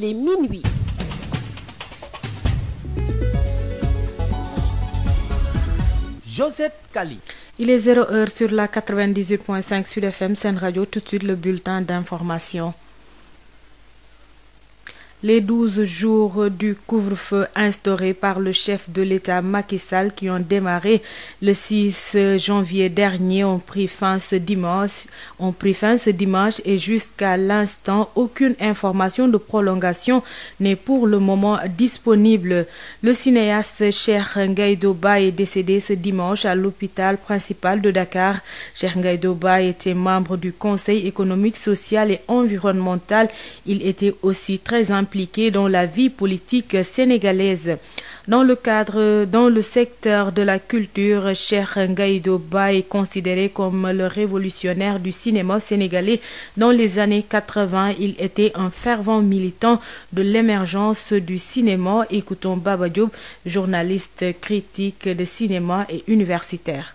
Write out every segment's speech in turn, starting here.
il est minuit. Josette Kali. Il est 0 heure sur la 98.5 Sud FM, Sen Radio, tout de suite le bulletin d'information. Les 12 jours du couvre-feu instauré par le chef de l'État Macky Sall qui ont démarré le 6 janvier dernier ont pris fin ce dimanche, ont pris fin ce dimanche et jusqu'à l'instant, aucune information de prolongation n'est pour le moment disponible. Le cinéaste Cheikh Ngaye Doba est décédé ce dimanche à l'hôpital principal de Dakar. Cheikh Ngaye Doba était membre du Conseil économique, social et environnemental. Il était aussi impliqués dans la vie politique sénégalaise. Dans le cadre, dans le secteur de la culture, Cheikh Ngaye Ba est considéré comme le révolutionnaire du cinéma sénégalais. Dans les années 80, il était un fervent militant de l'émergence du cinéma. Écoutons Baba Diop, journaliste critique de cinéma et universitaire.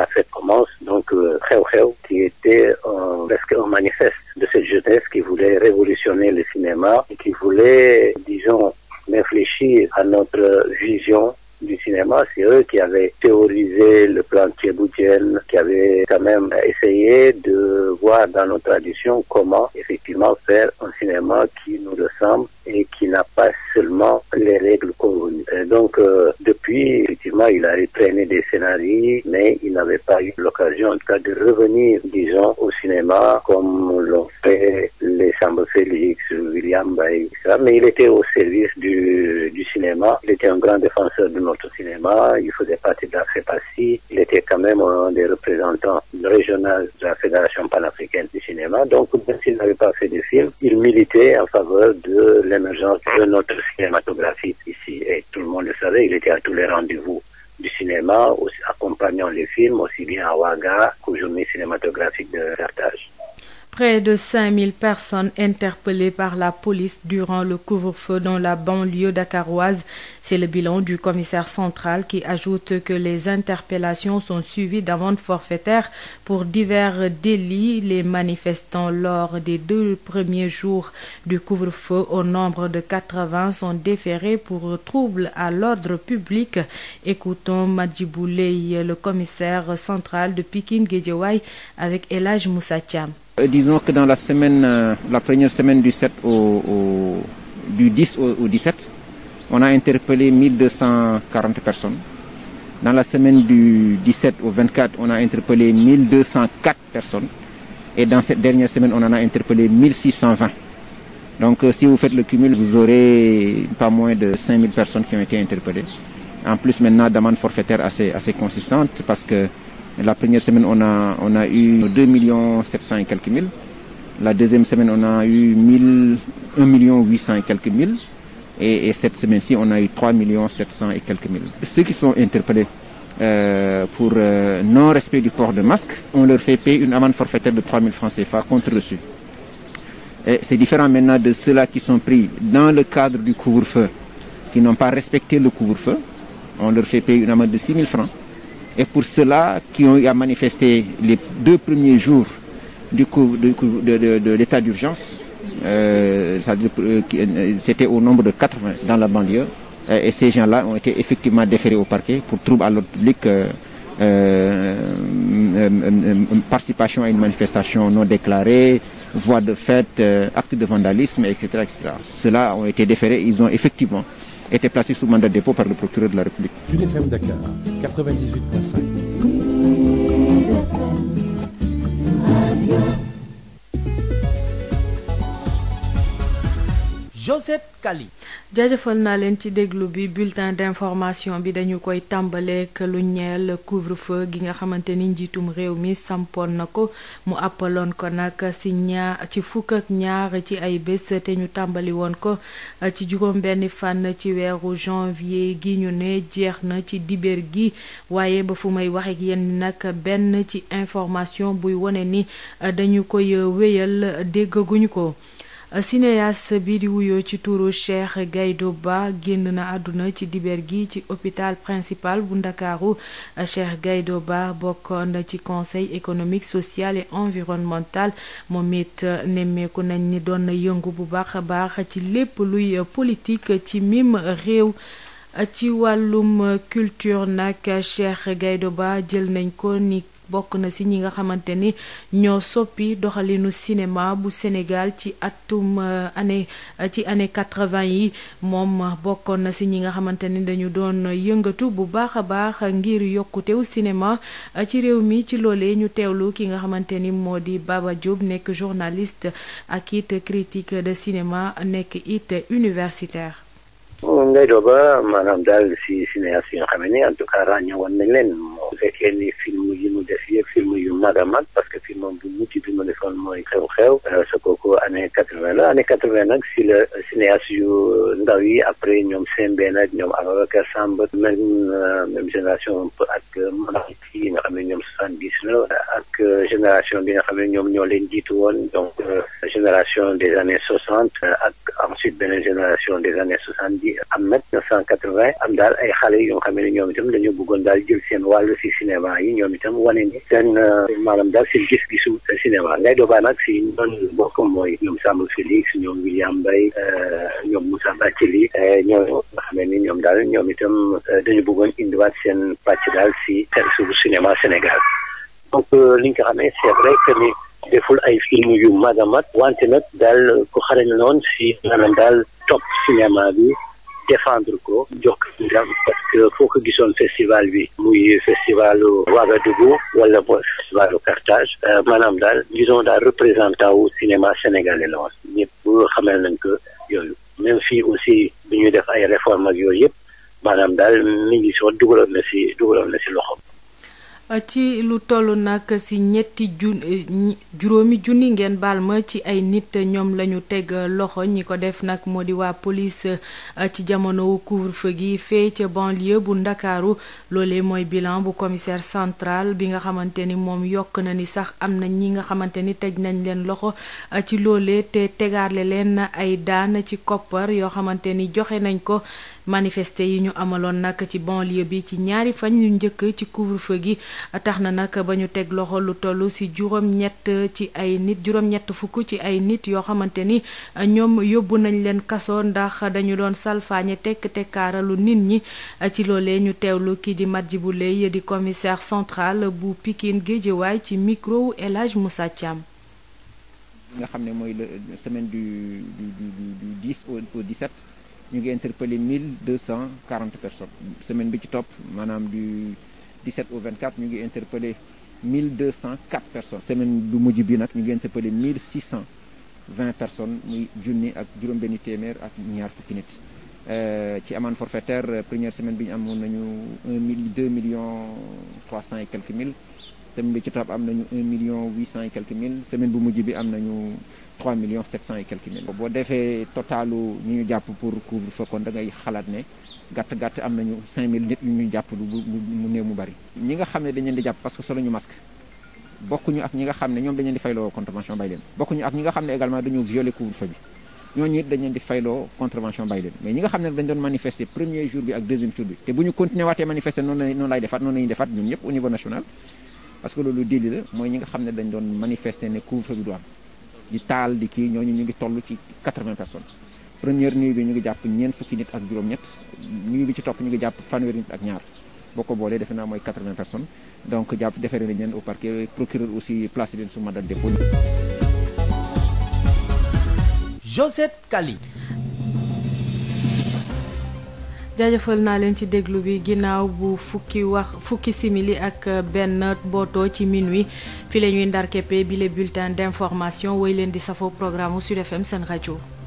la fête commence, donc euh, Kheu Kheu, qui était presque un manifeste de cette jeunesse qui voulait révolutionner le cinéma et qui voulait, disons, réfléchir à notre vision du cinéma, c'est eux qui avaient théorisé le plan Thieboudienne, qui avaient quand même essayé de voir dans nos traditions comment effectivement faire un cinéma qui nous ressemble et qui n'a pas seulement les règles convenues. donc, euh, depuis, effectivement, il a traîné des scénarios, mais il n'avait pas eu l'occasion, en tout cas, de revenir, disons, au cinéma, comme l'ont fait les Samba Félix, William Bay, Mais il était au service du, cinéma. Il était un grand défenseur de notre cinéma. Il faisait partie de la FEPACI. Il était quand même un des représentants régional de la Fédération panafricaine du cinéma. Donc, même s'il n'avait l'émergence de notre cinématographiste ici. Et tout le monde le savait, il était à tous les rendez-vous du cinéma, accompagnant les films, aussi bien à Ouaga qu'aux journées cinématographiques de Carthage. Près de 5000 personnes interpellées par la police durant le couvre-feu dans la banlieue dakaroise. C'est le bilan du commissaire central qui ajoute que les interpellations sont suivies d'amendes forfaitaires pour divers délits. Les manifestants lors des deux premiers jours du couvre-feu au nombre de quatre 80 sont déférés pour trouble à l'ordre public. Écoutons Madjibou Leye, le commissaire central de Pikine Guédiawaye avec El Hadj Moussa Euh, disons que dans la semaine, euh, la première semaine du 7 au, au du 10 au, au, 17, on a interpellé 1240 personnes. Dans la semaine du 17 au 24, on a interpellé 1204 personnes. Et dans cette dernière semaine, on en a interpellé 1620. Donc euh, si vous faites le cumul, vous aurez de 5000 personnes qui ont La première semaine, on a, a eu million 700 et quelques mille. La deuxième semaine, on a eu 1000, 1 et mille. Et, et cette semaine-ci, on a eu 3 700 et quelques mille. Ceux qui sont interpellés euh, pour euh, non-respect du port de masque, on leur fait payer une amende forfaitaire de francs CFA contre reçu. C'est différent maintenant de ceux-là qui sont pris dans le cadre du couvre-feu, qui n'ont pas respecté le couvre-feu. On leur fait payer une amende de francs Et pour cela, qui ont eu à manifester les deux premiers jours du coup, du de, de, de l'état d'urgence, euh, euh, euh c'était au nombre de 80 dans la banlieue. Et ces gens-là ont été effectivement déférés au pour trouble à l'ordre public, euh, euh, euh manifestation non déclarée, voie de fête, actes de vandalisme, etc., etc. Ceux-là ont été déférés, ils ont effectivement été placés sous mandat 98.5. Josette Kali jaajëfal naa leen ci déglu bi bulletin d'information bi dañu koy tàmbaleek lu ñel couvre-feu gi nga xamante ni njiitum réew mi sampoon na ko mu appaloon ko nag si ñaar ci fukk ak ñaar ci ay bés te ñu tàmbali woon ko ci juróom benn fànn ci weeru janvier gi ñu ne jeex na ci dibeer gi waaye ba fu may wax ak yéen nag benn ci information buy wone ni dañu koy wéyal déggaguñu ko cinéaste bi di wuyoo ci turu Cheikh gaydo Ba génn na àdduna ci dibeer gi ci hôpital principal bu ndakaaru Cheikh gaydo Ba bokkoon ci conseil économique social et environnemental moom it nemmeeku nañ ni doon na yëngu bu baax a baax ci lépp luy politique ci mim réew ci wàllum culture nag Cheikh gaydo Ba jël nañ ko ni bokk na si ñi nga xamante ni ñoo soppi doxalinu cinéma bu Sénégal ci atum euh, année euh, ci année quatre-vingt yi moom euh, bokkoon na si ñi nga xamante ni dañu doon yëngatu bu baax a baax ngir yokkutew cinéma ci réew mi ci loolee ñu teewlu ki nga xamante ni moo di Baba Diop nekk journaliste ak it critique de cinéma nekk it universitaire. Ndeye Doba maanaam daal si cinéaste yi nga xam ne en tout cas ràññewoon nañ leen. film yi mu def yëpp film yu mag a mag parce que film bu bi mu defoon mooy xew-xew sa euh, kooku année quatre-vingt la année quatre-vingt nag si la cinéaste yu ndaw yi après ñoom Sembène ak ñoom Ababacar Samb même euh, même génération ak euh, Mawal yi nga xam ne ñoom soixante-dix la ak génération bi nga xam ne ñoom ñoo leen jiitu woon donc génération des années soixante ak ensuite beneen génération des années soixante-dix am nag neuf cent quatre-vingt am daal ay xale yoo xam ne ñoom ci cinéma yi ñoom itam wane ni seen euh, maanaam daal seen gis-gisu cinéma ngay doobaa nag si ñoon bokk mooy ñoom Samba Félix ñoom William Mbaye euh, ñoom Moussa Bathily euh, ñoom nga xamee ni ñoom daal ñoom itam dañu bëggoon indiwaat seen pàcc daal si terre cinéma Sénégal donc li ko xamee c'est vrai que ni deful ay film yu mag a mag wante nag daal ku xarañ loon si maanaam daal topp cinéma bi défendre ko jox ko parce que foo ko gisoon festival bi muy festival Ouagadougou wala bo festival Carthage euh, maanaam daal disons daal représentant wu cinéma sénégalais la woon ñëpp xamal nañ ko yooyu même si aussi bi ñuy def ay réformes ak yooyu yëpp maanaam daal mi ngi si woon na si dugaloon na si loxo ci lu toll nag si ñetti jun eh, juróomi junni ngeen baal ma ci ay nit ñoom la ñu teg loxo ñi ko def nag moo di waa police eh, ci jamono couvre-feu gi fee ca banlieue bu ndakaaru loolee mooy bilan bu commissaire centrale bi nga xamante ni moom yokk na ni sax am na ñi nga xamante ni tej nañ leen loxo eh, ci loolee te tegaale leen ay daan ci koppar yoo xamante ni joxe nañ ko manifester yi ñu amaloon nag ci banlieue bi ci ñaari fañ yu njëkk ci couvre-feu gi tax na nag ba ñu teg loxo lu toll si juróom ci ay nit juróom-ñett ci ay nit yoo xamante ni ñoom yóbbu nañ leen kaso ndax dañu doon salfaañe tekk tekkaaralu nit ñi ci loolee ñu teewlu kii di Madjibou Leye di commissaire central bu Pikine Guédiawaye ci micro wu El Hadj Moussa Thiam nga xam ne mooy ñu ngi interpellé 1240 personnes semaine bi ci topp maanaam du 17 au vingt 24 ñu ngi interpellé 1204 personnes semaine bu mujj bi nag ñu ngi interpellé 1620 personnes muy junni ak juróom-benni téeméer ak ñaar fukki nit euh, ci amende forfaitaire première semaine bi ñu amoon nañu 1 mille 2 millions 300 et quelques mille semaine bi ci topp am nañu 1 million 800 et quelques mille semaine bu mujj bi am nañu 3 millions 700 et quelques mille. boo defee totalu ñu ñu jàpp pour couvre-feu kon da xalaat ne gàtt gàtt am nañu 5000 nit ñu jàpp lu mu néew mu bari. ñi nga xam ne dañu leen di jàpp parce que solo ñu masque bokkuñu ak ñi nga xam ne dañu leen couvre-feu bi. ñooñu it dañ leen fayloo contravention bàyyi leen mais ñi nga xam ne dañ doon manifester premier jour bi ak deuxième jour bi te bu ñu continuer waatee manifester noonu parce que loolu déli mooy ñi nga xam ne dañ doon manifester ne couvre-feu du am di taal di kii ñooñu ñu ngi toll ci 80 personnes première nuit bi ñu ngi jàpp ñeent fukki nit ak juróom-ñett nuit bi ci topp ñu ngi jàpp fanweeri nit ak ñaar boo ko boolee defe naa mooy 80 personnes donc jàpp defere nañ leen au parquet procureur aussi placé leen su mandat de dépôt jaajëfal naa leen ci déglu bi ginnaaw bu fukki wax fukki simili ak euh, benn bootoo ci wi fi la ñuy ndarkeppe bi le bulletin d'information woy leen di safoo programme Sud FM seen rajo